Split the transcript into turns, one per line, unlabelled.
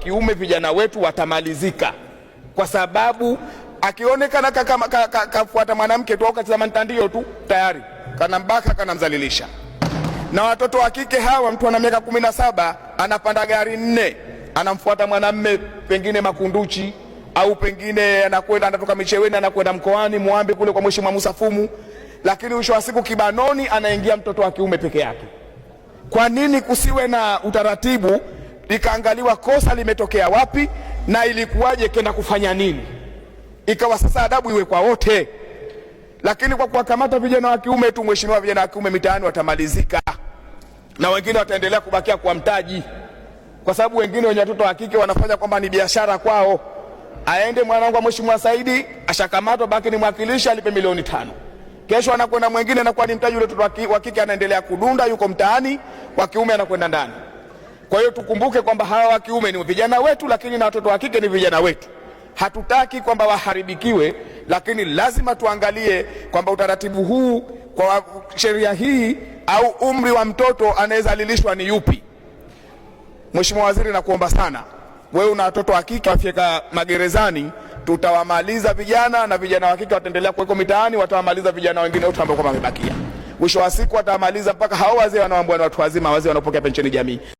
kiume vijana wetu watamalizika, kwa sababu akionekana kafuata ka, ka, ka, mwanamke tu au katazama mtandio tu tayari kanambaka kanamzalilisha. Na watoto wa kike hawa, mtu ana miaka kumi na saba anapanda gari nne, anamfuata mwanamme pengine Makunduchi au pengine anakwenda anatoka Micheweni anakwenda mkoani Mwambe kule kwa Mheshimiwa Musa Fumu, lakini mwisho wa siku kibanoni anaingia mtoto wa kiume peke yake. Kwa nini kusiwe na utaratibu likaangaliwa kosa limetokea wapi na ilikuwaje, kenda kufanya nini. Ikawa sasa adabu iwe kwa wote, lakini kwa kuwakamata vijana wa kiume tu, mheshimiwa, vijana wa kiume mitaani watamalizika na wengine wataendelea kubakia kwa mtaji, kwa sababu wengine wenye watoto wa kike wanafanya kwamba ni biashara kwao. Aende mwanangu wa mheshimiwa Saidi ashakamatwa, baki ni mwakilishi, alipe milioni tano. Kesho anakwenda mwingine, anakuwa ni mtaji ule. Mtoto wa kike anaendelea kudunda, yuko mtaani, wa kiume anakwenda ndani. Kwa hiyo tukumbuke kwamba hawa wa kiume ni vijana wetu, lakini na watoto wa kike ni vijana wetu. Hatutaki kwamba waharibikiwe, lakini lazima tuangalie kwamba utaratibu huu kwa sheria hii au umri wa mtoto anayezalilishwa ni yupi? Mheshimiwa Waziri, nakuomba sana, wewe una watoto wa kike wafika magerezani, tutawamaliza vijana na vijana wa kike wataendelea kuweko mitaani, watawamaliza vijana wengine wote ambao kwamba wamebakia. Mwisho wa siku watawamaliza mpaka hao wazee wanaoambwa ni watu wazima, wazee wanaopokea pensheni jamii.